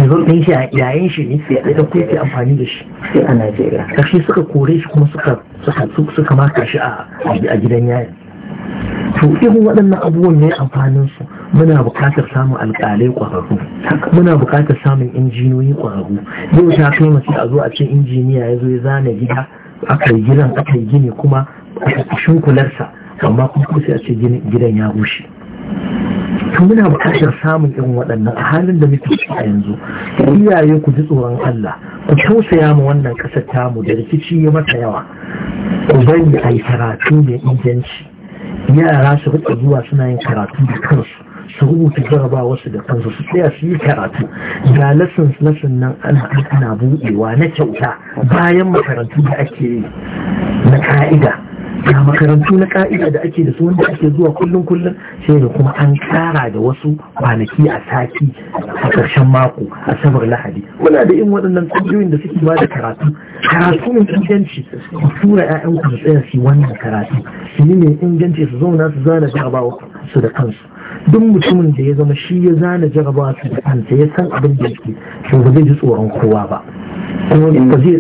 result din shi yayin shi ne sai da kuke amfani da shi sai a Najeriya Karshe suka kore shi kuma suka suka maka shi a gidan yayin to irin waɗannan abubuwan ne amfanin su muna buƙatar samun alƙalai ƙwararru muna buƙatar samun injiniyoyi ƙwararru yau ta kai mace a zo a ce injiniya ya zo ya zana gida aka yi gidan aka yi gini kuma a shunkularsa amma kuma sai a ce gidan ya rushe to muna buƙatar samun irin waɗannan a halin da muke ciki a yanzu iyaye ku ji tsoron Allah ku tausaya mu wannan ƙasar tamu da rikici ya mata yawa ku bari a yi karatu mai inganci yara su rika zuwa suna yin karatu da kansu su rubuta jaraba wasu da kansu su tsaya su yi karatu ga lessons lesson nan ana ana buɗewa na kyauta bayan makarantu da ake yi na ka'ida ga makarantu na ka'ida da ake da su wanda ake zuwa kullum kullum sai da kuma an kara da wasu kwanaki a sati a ƙarshen mako a sabar lahadi muna da yin waɗannan kungiyoyin da suke ba da karatu karatu mai inganci su tura 'ya'yanku su tsaya su wannan karatu su ne mai inganci su zauna su zana jarabawa su da kansu duk mutumin da ya zama shi ya zana jarabawa su da kansa ya san abin da yake to ba zai ji tsoron kowa ba kuma zai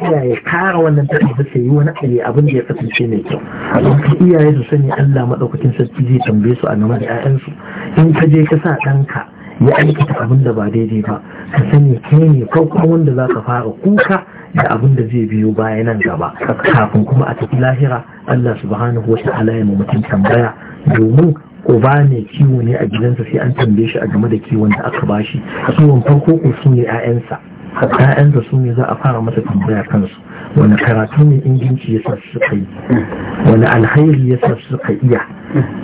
tsaya ya kara wannan da sai yi wani abin da ya kasance ce mai kyau a lokacin iyaye su sani Allah maɗaukacin sarki zai tambaye su a game da 'ya'yansu in ka je ka sa ɗanka ya aikata abin da ba daidai ba ka sani kai ne farko wanda za ka fara kuka da abin da zai biyo baya nan gaba kafin kuma a tafi lahira Allah subhanahu wa ta'ala ya mutum tambaya domin uba ne kiwo ne a gidansa sai an tambaye shi a game da kiwon da aka bashi kiwon farko ko sun yi 'ya'yansa ƴaƴansa su ne za a fara masa tambaya kansu wani karatu ne inganci ya suka yi wani alhairi ya suka iya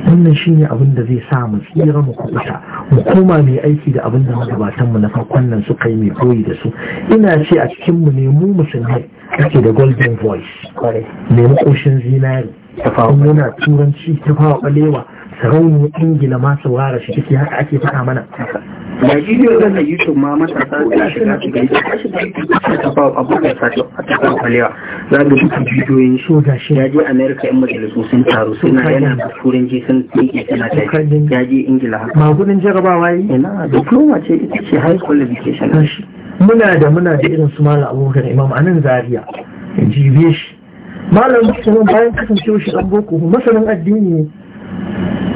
wannan shine abin da zai sa mu tsira mu kuɓuta mu koma mai aiki da abin da magabatan mu na farkon nan suka yi mai koyi da su ina ce a cikin mu ne mu musulmai ake da golden voice ne ƙoshin zinari ta muna turanci ta fawa ɓalewa. sarauni ingila masu ware shi ciki haka ake faɗa mana da bidiyo zan da YouTube ma matasa da shiga shiga ta tafa abokan sato a tafa kwalewa za ga duka bidiyoyin shi ya je amerika yan majalisu sun taru suna yana da turanci sun tsinke suna ta ya je ingila ma gudun jarabawa yi ina diploma ce ita ce high qualification muna da muna da irin su malam abubakar imam anan zaria jibe shi malam musulman bayan kasancewa shi ɗan boko masanin addini ne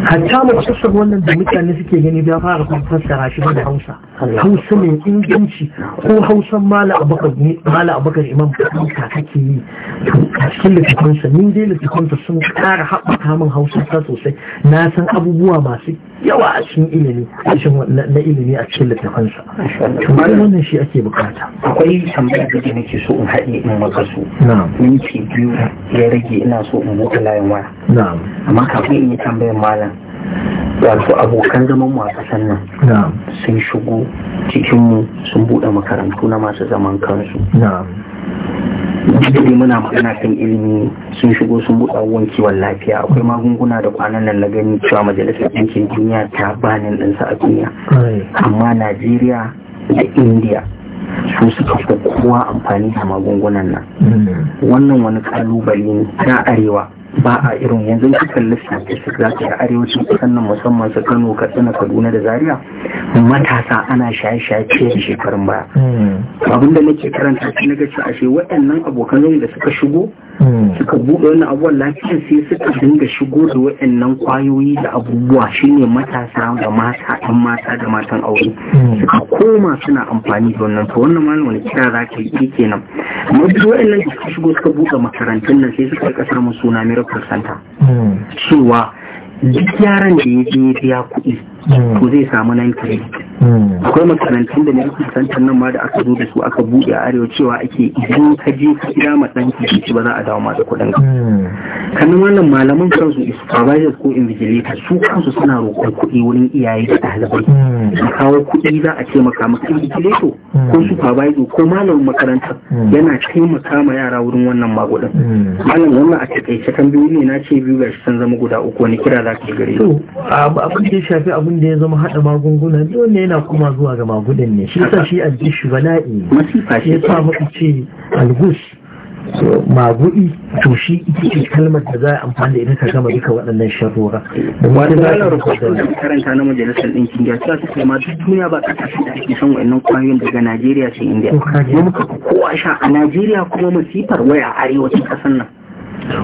hatta mutasar wannan da mutane suke gani da fara kuma fassara shi da hausa hausa mai inganci ko hausan mala abakar imam ka kake yi a cikin littafansa ni dai littafansa sun kara haɓaka min hausa ta sosai na san abubuwa masu yawa a cikin ilimi na ilimi a cikin littafansa kamar wannan shi ake bukata akwai tambayar da nake so in haɗe in maka su minti biyu ya rage ina so in buɗe layin waya amma kafin in yi tambayar malam wato abokan zaman mu a kasar nan sun shigo mu sun buɗe makarantu na masu zaman kansu dai muna magana kan ilimi sun shigo sun buɗe abubuwan kiwon lafiya akwai magunguna da kwanan nan na gani cewa majalisar ɗinkin duniya ta banin ɗinsa a duniya amma najeriya da indiya su suka fi kowa amfani da magungunan nan mm. wannan wani kalubale na arewa ba a irin yanzu cikin da su za ta arewacin kusan nan musamman su kano katsina kaduna da zaria matasa ana shaye-shaye ce da shekarun baya hmm. abin da nake karanta shi na gaci ashe waɗannan abokan zai da suka shigo hmm. suka buɗe wani abuwan lafiyar sai suka dinga shigo da waɗannan kwayoyi da abubuwa shine matasa da mata ɗan mata da matan aure hmm. suka koma suna amfani da wannan to wannan malam wani kira za ka yi kenan amma duk waɗannan da suka shigo suka buɗe makarantun nan sai suka ƙasar mu suna mira local center hmm. cewa duk yaran da ya je ya biya kuɗi Hmm. To zai samu nan kai hmm. akwai makarantun da ne aka santar nan ma da aka zo da su aka buɗe a arewa cewa ake idan ka je ka gida ma ɗan ba za a dawo masu kuɗin ka hmm. kanin wannan malaman kansu supervisors ko invigilators su kansu suna roƙon kuɗi wurin iyaye da ɗalibai a kawo kuɗi za a ce maka maka invigilator ko supervisor ko malamin makaranta yana taimaka ma yara wurin wannan magudan malam wannan a takaice kan biyu ne na ce biyu ga shi sun zama guda uku wani kira za ka gare abin da ya shafi abin abin da ya zama haɗa magunguna duk wanda yana kuma zuwa ga magudan ne shi sa shi aljish bala'i ne shi sa muka ce algus magudi to shi ita ce kalmar da za a amfani da ita ka gama duka waɗannan sharrora wani zalar rahoton da karanta na majalisar ɗinkin ya cewa suka ma duk duniya ba shi da ake san wa'annan kwayoyin daga najeriya sai indiya kuma muka kowa sha a najeriya kuma masifar waya a arewacin ƙasar nan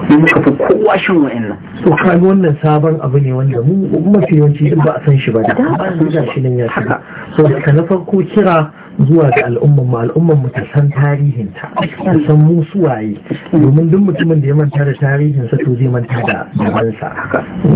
mu muka fi kowa shan wa'annan to kaga wannan sabon abu ne wanda mu mafi yawanci duk ba a san shi ba da ba shi nan ya shiga so daga na farko kira zuwa ga al'umman mu al'umman mu ta san tarihin ta ta san mu suwaye domin duk mutumin da ya manta da tarihin sa to zai manta da gabansa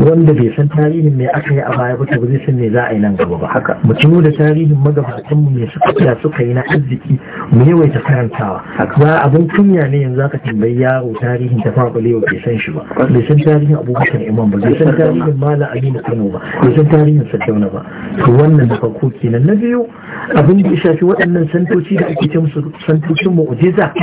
wanda bai san tarihin me aka yi a baya ba to ba zai san me za a yi nan gaba ba haka mu tuno da tarihin magabatan mu me suka tsaya suka yi na arziki mu yawaita karantawa ba abin kunya ne yanzu aka tambayi yaro tarihin ta bai san shi ba bai san tarihin abubakar imam ba bai san tarihin malam aminu kano ba bai san tarihin sardauna ba to wannan da farko kenan na biyu abin da ya shafi waɗannan santoci da ake ce musu santocin mu'jiza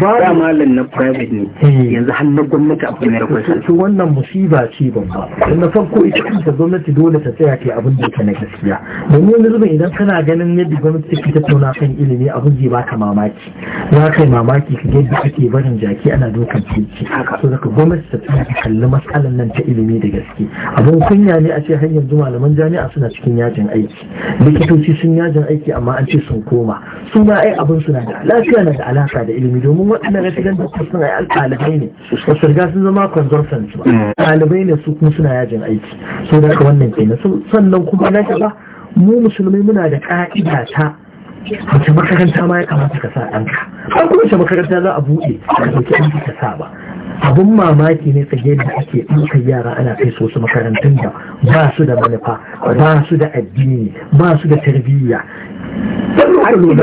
ba da malam na private ne eh. yanzu har na gwamnati a kuma rakwai to wannan musiba ce ba don na farko ita kanta gwamnati dole ta tsaya ke abin da yake na gaskiya domin wani zuba idan kana ganin yadda gwamnati take tattauna kan ilimi abin ba ka mamaki za ka mamaki ka yadda ake barin jaki ana dokan haka so daga gwamnati ta tsaya ta kalli matsalan nan ta ilimi da gaske abin kunya ne a ce har yanzu malaman jami'a suna cikin yajin aiki likitoci sun yajin aiki amma an ce sun koma suna ma ai abin suna da lafiya na da alaka da ilimi domin waɗannan resident doctors sun ai ɗalibai ne ba su riga sun zama consultants ba mm. ɗalibai ne su kuma suna yajin aiki so da haka wannan kenan sannan kuma na gaba mu musulmai muna da ka'ida ta wace makaranta ma ya kamata ka sa ɗanka an kuma wace makaranta za a buɗe a ɗauki an ka sa ba abun mamaki ne tsage da ake ɗaukar yara ana kai su makarantun da ba su da manufa ba su da addini ba su da tarbiyya har idan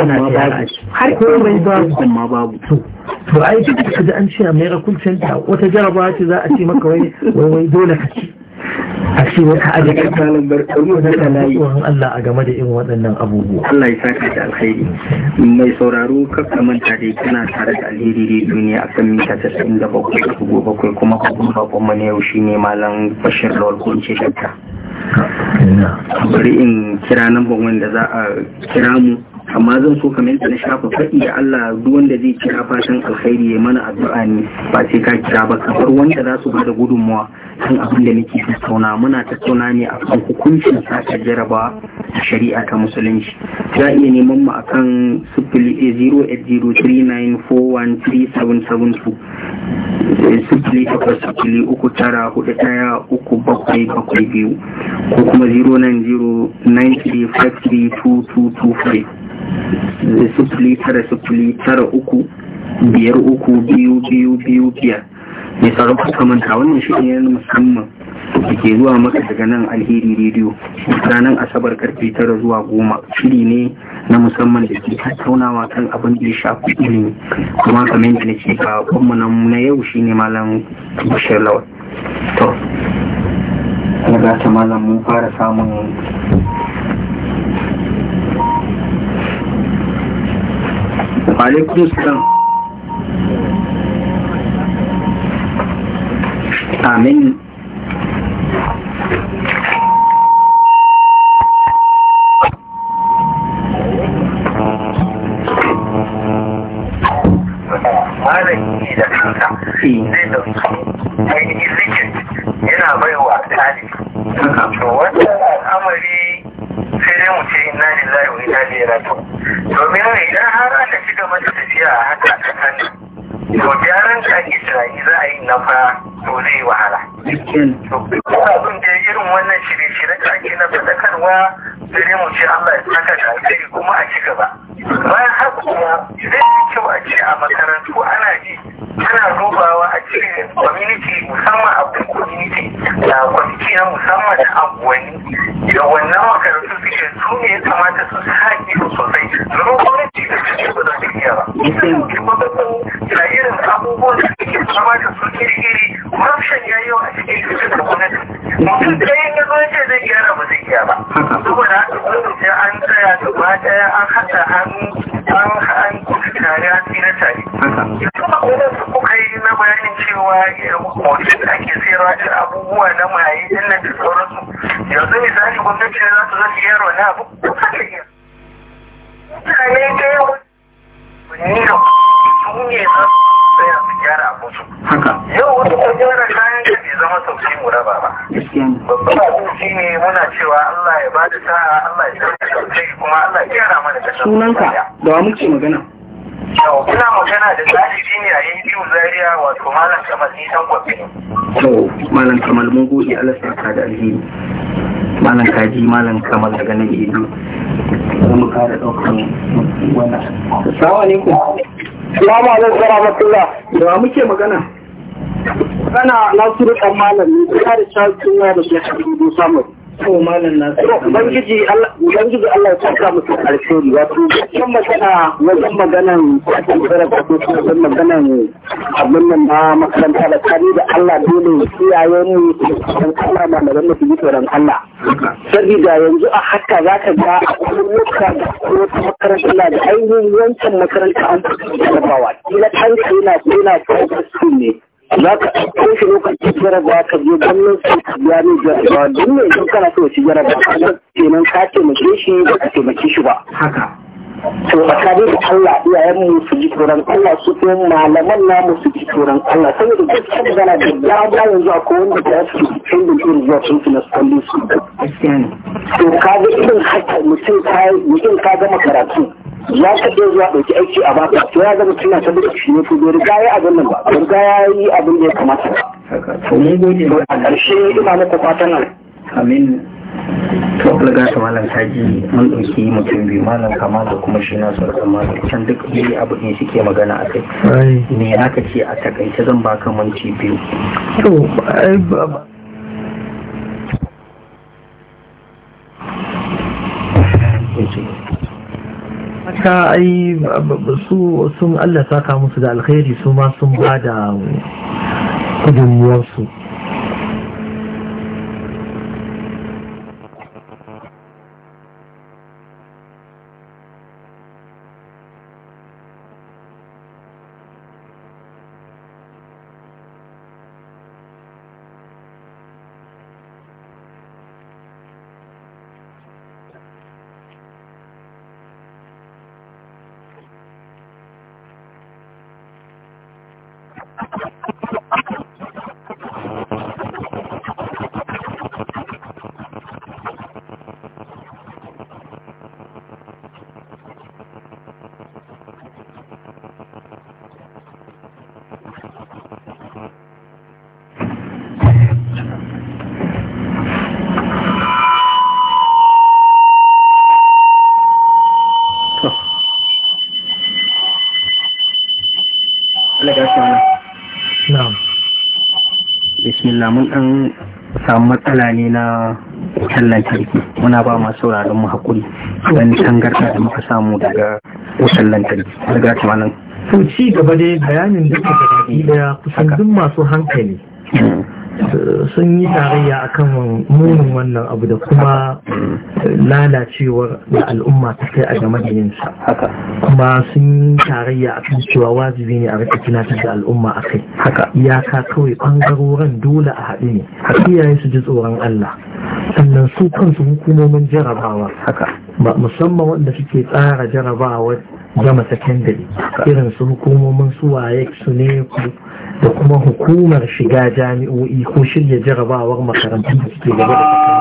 ana tare har babu amma to to ai duk kaga an ce a mai rakulcin ta wata jarabawa ce za a ce maka wai wai dole ka ci a ce wai ka aje ka lambar karmu da kalayi Allah a game da irin waɗannan abubuwa Allah ya saka da alkhairi mai sauraro kakka manta dai kana tare da alheri dai duniya a kan mita casa'in da bakwai da bakwai kuma kuma babban mu ne yau shine malam bashir lawal ko in ce shakka bari in kira namban wanda za a kira mu amma zan so kamar yadda na shafa faɗi da Allah duk wanda zai kira fatan alkhairi ya mana addu'a ne ba sai ka kira ba kamar wanda za su bada gudunmawa kan abin da nake tattauna muna tattauna ne akan hukuncin sata jaraba a shari'a ta musulunci za iya neman mu akan 08039413772 sifili eh, eh, sifili uku tara hudu tara uku bakwai bakwai biyu ko kuma 09093532225 sifili tara sifili tara uku biyar uku biyu biyu biyu biyar mai kuka manta wannan shi ne na musamman da ke zuwa maka daga nan alheri rediyo ranar asabar karfe tara zuwa goma shiri ne na musamman da ke tattaunawa kan abin da ya shafi ilimi kuma kamar yadda na ce ba na yau shi ne malam bashir lawal to ta malam mun fara samun alaikun salam amin yana baiwa tani to wannan al'amari gajeratu domin idan har aka ci gaba da tafiya a haka a kasan to gyaran da isra'i za a yi na fa to zai wahala to abin da irin wannan shirye-shirye da ake na fadakarwa sai mu ce Allah ya saka da alheri kuma a ci gaba bayan haka kuma zai yi kyau a ce a makarantu ana ji Tana dubawa a cikin community musamman abin community da kwamiti na musamman da abuwani da wannan makarantu suke su ne ya kamata su sa ido sosai domin gwamnati da su ce ba za ta iya ba. Kuma ba da irin abubuwan da suke da su kirkiri corruption ya yi wa a cikin da gwamnati. Mutum ɗaya ya zo ya ce zai gyara ba zai iya ba. za ta an tsaya gaba daya an haɗa hannu an an tare an tsira tare. Kuma yi na bayanin cewa hotel da ake sayarwa da abubuwa na maye din nan da sauransu. Yanzu misali gwamnati za su zasu yar wani abu. Mutane da yawa. ne za su tsaya su gyara abin su yau wani ko gyara kayan ka bai zama sauki mu raba ba babban abin shi ne muna cewa Allah ya bada sa'a Allah ya sauke sauƙi, kuma Allah ya gyara mana da sunanka da wa muke magana yau ina magana da zahiri ne a yin biyu zaria wato malam kamal ni dan gwabe Yau malam kamal mun gode Allah ya saka da alheri malam kaji malam kamal daga nan ido za mu kare ɗaukar wannan Sawa ne ku. Salamu alaikum warahmatullah. Da muke magana? Magana Nasiru Kammalan ne, ina da Charles suna da Shekaru Mai. To malam na Ubangiji Allah Ubangiji Allah ya saka musu alheri wato kan magana wajen maganan kwatin zarafa ko wajen maganan abin nan na makaranta da kari da Allah dole iyaye mu dan Allah ma magana su yi tsoron Allah. Sabida yanzu a haka za ka ga a kullumka da wata makaranta na da ainihin wancan makaranta an fi zarafawa. Kila kanka yana yana ne. za ka ɗauko shi lokacin jarabawa ka je gwamnan su ka biya ne jarabawa don ne idan kana so ci jarabawa ka kenan ka taimake shi ba ka taimake shi ba. Haka. to tsakanin da Allah iyayen mu su ji tsoron Allah su kuma malaman mu su ji tsoron Allah saboda gaskiya magana da dama yanzu a wanda da yake cikin da irin zuwa sun fi na su. To ka ga irin haka mutum ka gama karatu. za ka ɗaya zuwa ɗauki aiki a baka to ya zama suna ta duk shi ne to bai riga ya abin nan ba bai riga ya yi abin da ya kamata ba. a ƙarshe ina maka fatan nan. amin to daga ta malam taji mun ɗauki mutum biyu malam kama da kuma shi na sun kama can duk biyu abu ne suke magana a kai ne ka ce a takaice zan baka minti biyu Thank you. haka ai su sun Allah saka musu da alkhairi su ma sun ba da gudunmuwarsu an samu matsala ne na wutan lantarki muna ba masu sauraron mu hakuri don tangarda da muka samu daga wutan lantarki daga to ci gaba dai bayanin da baki daya kusan duk masu hankali hmm. sun yi tarayya akan munin wannan abu da kuma lalacewar da al'umma ta kai a game da yinsa kuma sun yi tarayya akan cewa wajibi ne a rika tunatar da al'umma a kai ka kawai bangarorin dole a haɗu ne iyaye su ji tsoron Allah sannan su kansu hukumomin jarabawa musamman wanda suke tsara jarabawa gama sakandare irin su hukumomin su waye su ne da kuma hukumar shiga jami'o'i ko shirya jarabawar makarantun da suke gaba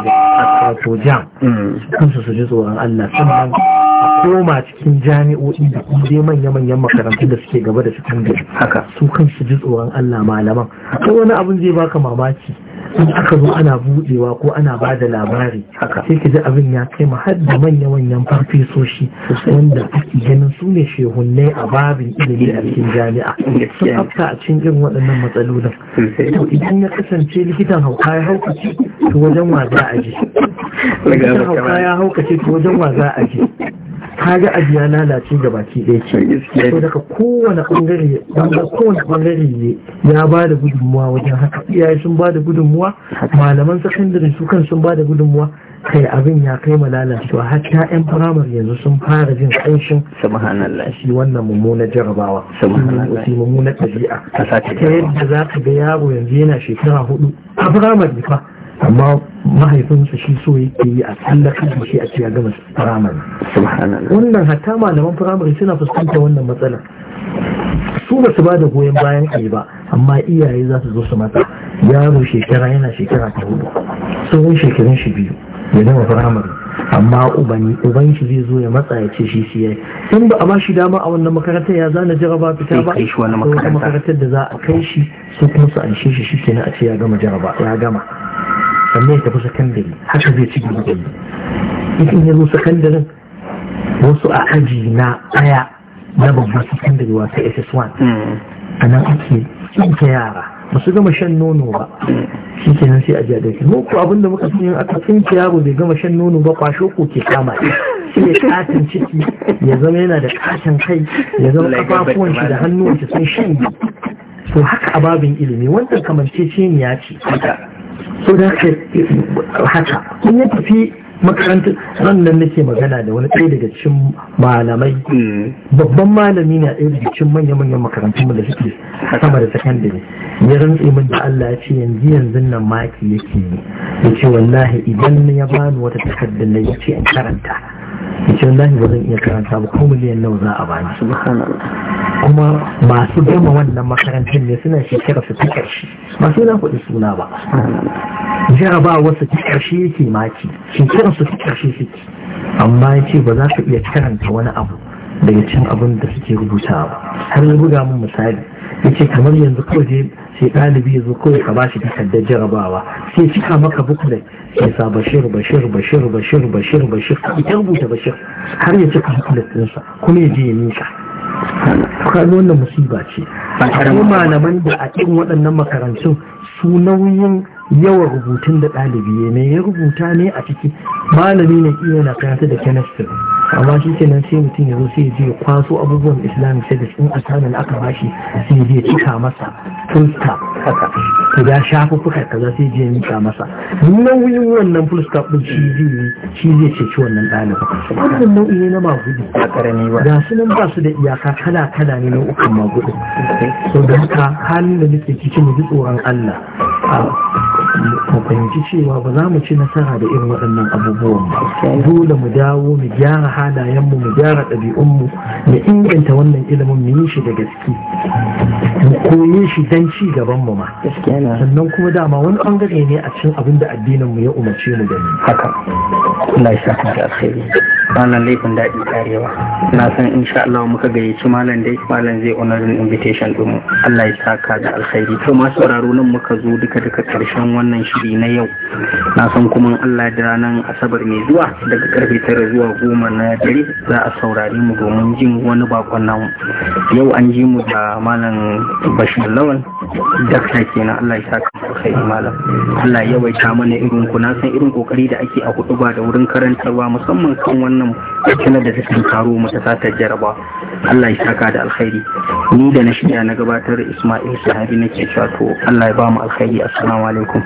da kasato jam mm. kansu su ji tsoron Allah sannan a koma cikin jami'o'i da kuma manya-manyan makarantun da suke gaba da sakandare haka su kansu ji tsoron Allah malaman ko wani abun zai baka mamaki in aka zo ana budewa ko ana ba da labari sai ki ji abin ya kai ma har da manya manyan farfesoshi wanda ake ganin su ne shehunnai a babin ilimi a cikin jami'a sun afta a cikin irin waɗannan matsalolin to idan ya kasance likitan hauka ya haukace to wajen wa za hauka ya wajen wa za a ji ga ajiya lalace ga baki ɗaya ce so daga kowane ɓangare kowane ɓangare ne ya ba da gudunmuwa wajen haka iyaye sun ba da gudunmuwa malaman sakandare su kan sun ba da gudunmuwa kai abin ya kai ma lalacewa hatta yan firamare yanzu sun fara jin ƙanshin subhanallah shi wannan mummunar jarabawa subhanallah shi mummunar ɗabi'a ta yadda za ka ga yaro yanzu yana shekara hudu a firamare fa amma mahaifinsa shi so yake yi a tsallakar da shi a gama firamare wannan hatta malaman firamare suna fuskantar wannan matsalar su ba su ba da goyon bayan a ba amma iyaye za su zo su mata yaro shekara yana shekara ta hudu tsohon shekarun shi biyu ya gama firamare amma uban shi zai zo ya matsa ya ce shi siya in ba a ba shi dama a wannan makarantar ya zana jaraba fita ba kai shi wani makarantar da za a kai shi su kuma su anshe shi shi kenan a ce ya gama jaraba ya gama sannan ya tafi sakandare haka zai ci gaba gani yi ya zo sakandaren wasu a aji na aya na babban sakandare wata ss1 mm. a nan ake tsinta yara ba su gama shan nono ba mm. shi ke nan sai a jiya dauki mu abinda muka sani aka tsinta yaro bai gama shan nono ba kwasho ko ke kama shi ne katin ciki ya zama yana da katin kai ya zama kafafuwan shi da hannuwan shi sun shanye to haka ababin ilimi wannan ya ce Sau da ka haka in ya tafi makarantar nake magana da wani ɗaya daga cikin malamai hmm. babban malami na ɗaya daga cikin manya-manyan makarantun da suke sama da sakandare ya rantse min da Allah ya ce yanzu yanzu nan maki yake ne ya ce wallahi idan ya bani wata takardar na ya ce karanta ya ce wallahi ba zan iya karanta ba ko miliyan nawa za a bani kuma masu gama wannan makarantar ne suna shekara su fi ƙarshe ba sai na faɗi suna ba jaraba wasu ƙarshe yake maki shekarar su ta ƙarshe suke amma ya ce ba za ka iya karanta wani abu daga cin abin da suke rubuta ba har ya buga min misali ya ce kamar yanzu kawai sai ɗalibi ya zo kawai ka bashi takardar jarabawa sai cika maka buklet ya sa bashir bashir bashir bashir bashir bashir ya rubuta bashir har ya cika buklet ɗinsa kuma ya je ya nisa kaga wannan musiba ce kuma malaman da a cikin waɗannan makarantun su nauyin yawan rubutun da ɗalibi ne ya rubuta ne a ciki malami na iya na karatu da chemistry amma shi nan sai mutum ya zo sai je kwaso abubuwan islamic da in assignment aka bashi sai je cika masa full haka kaza shafuffuka kaza sai jini nika masa nauyin wannan full ɗin shi zai shi zai ceci wannan ɗalibin wannan nau'i ne na magudi ba karami ba ga su ba su da iyaka kala kala ne nau'ukan magudi so da haka halin da nake cikin mu ji tsoron Allah mu fahimci cewa ba za mu ci nasara da irin waɗannan abubuwan ba dole mu dawo mu gyara halayenmu mu gyara ɗabi'unmu mu inganta wannan ilimin mu yi shi da gaske mu koye shi don ci gaban mu ma sannan kuma dama wani bangare ne a cikin abin da addinin mu ya umarce mu da ni haka Allah ya saka da wannan laifin daɗi karewa na san insha Allah muka gayyaci malam dai malam zai honorin invitation din mu Allah ya saka da alkhairi to ma sauraro nan muka zo duka duka karshen wannan shiri na yau na san kuma Allah da ranar asabar mai zuwa daga karfe tara zuwa goma na dare za a saurare mu domin jin wani bakon namu yau an ji mu da malam Bashin lawan dakta kenan Allah ya saka kai malam Allah ya yawaita mana irin ku na san irin kokari da ake a hudu ba da wurin karantarwa musamman kan wannan kina da ta karo mu ta sata jaraba Allah ya saka da alkhairi ni da na shirya na gabatar Ismail Sahabi nake cewa to Allah ya ba mu alkhairi assalamu alaikum